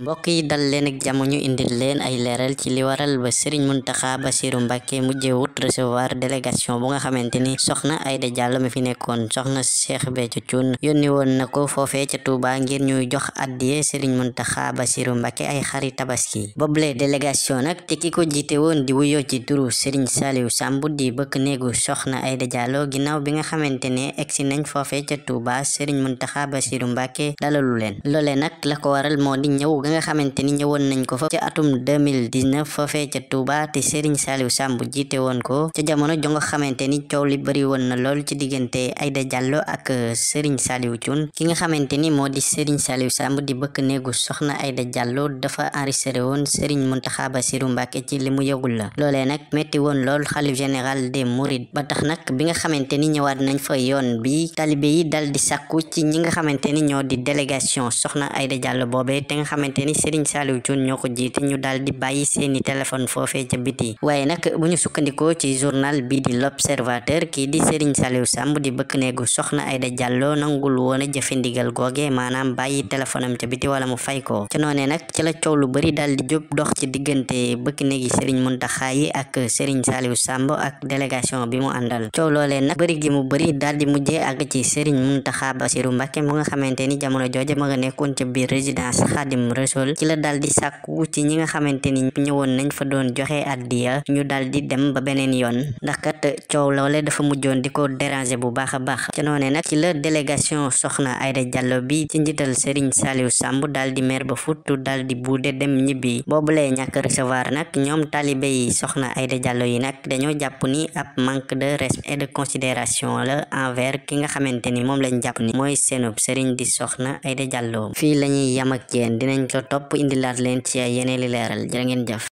mbokk yi dal leen ak ñu indil leen ay leeral ci li waral ba Serigne Mountakha Bassirou Mbacké mujje wut recevoir délégation bu nga xamante ni soxna Aïda Diallo mi fi nekkoon soxna Cheikh Béthio Thioune yónni woon na ko foofee ca Touba ngir ñuy jox addiye Serigne Mountakha Bassirou Mbacké ay xari tabaski boobule délégation nag te ki ko jiite woon di wuyoo ci turu Serigne Saliou Samb di bëkk néegu soxna Aïda Diallo ginnaaw bi nga xamante ne egsi nañ foofee ca Touba Serigne Mountakha Bassirou Mbacké dalalu leen loole nag la ko waral moo di ñëw mi nga xamante ni ñëwoon nañ fa ci atum 2019 foofee ca Touba te Serigne Saliou Samb jiite woon ko ca jamono jo nga xamante ni coow li woon na lool ci diggante Aïda Diallo ak Serigne Saliou Thioune ki nga xamante ni moo di Serigne Saliou Samb di bëkk néegu soxna Aïda Diallo dafa enregistré woon Serigne Mountakha Bassirou Mbacké ci li mu yëgul la nag metti woon lool xalif général des Mourides ba tax nag bi nga xamante ni ñëwaat nañ fa yoon bi talibé yi dal di sàkku ci ñi nga xamante ni ñoo di délégation soxna Aïda Diallo boobee te nga xamante xamante ni Serigne Saliou Thioune ñoo ko jiite ñu daal di bàyyi seeni téléphone foofee ca biti waaye nag bu ñu sukkandikoo ci journal bii di l'observateur kii di Serigne Saliou Samb di bëkk neegu soxna Aida Diallo a la coow lu bari daal di jóg dox ci diggante bëkk neegi Serigne Mountakha yi ak Serigne Saliou Samb ak délégation bi mu àndal coow loolee nag bari gi mu bari daal di mujjee àgg ci Serigne Mountakha Bassirou Mbacké mu nga xamante ni jamono jooje ma nga nekkoon ca biir résidence Khadim Resol ci la daal di sàkku ci ñi nga xamante ni fa doon joxe ñu daal di dem ba beneen yoon ndax kat coow loole dafa mujjoon di ko déranger bu baax a baax ci noone nag ci la délégation soxna Aida Diallo bi ci njiital Serigne Saliou Samb daal di mer ba futtu daal di buude dem ñibbi boobulee ñàkk recevoir nag ñoom taalibe yi soxna Aida Diallo yi nag dañoo jàpp ni ab manque de respect considération la envers ki nga xamante ni moom lañ jàpp ni mooy seenub Serigne di soxna Aida Diallo fii lañuy yam dinañ co topp indilaat leen ci yeneen i leeral jërë ngeen jëf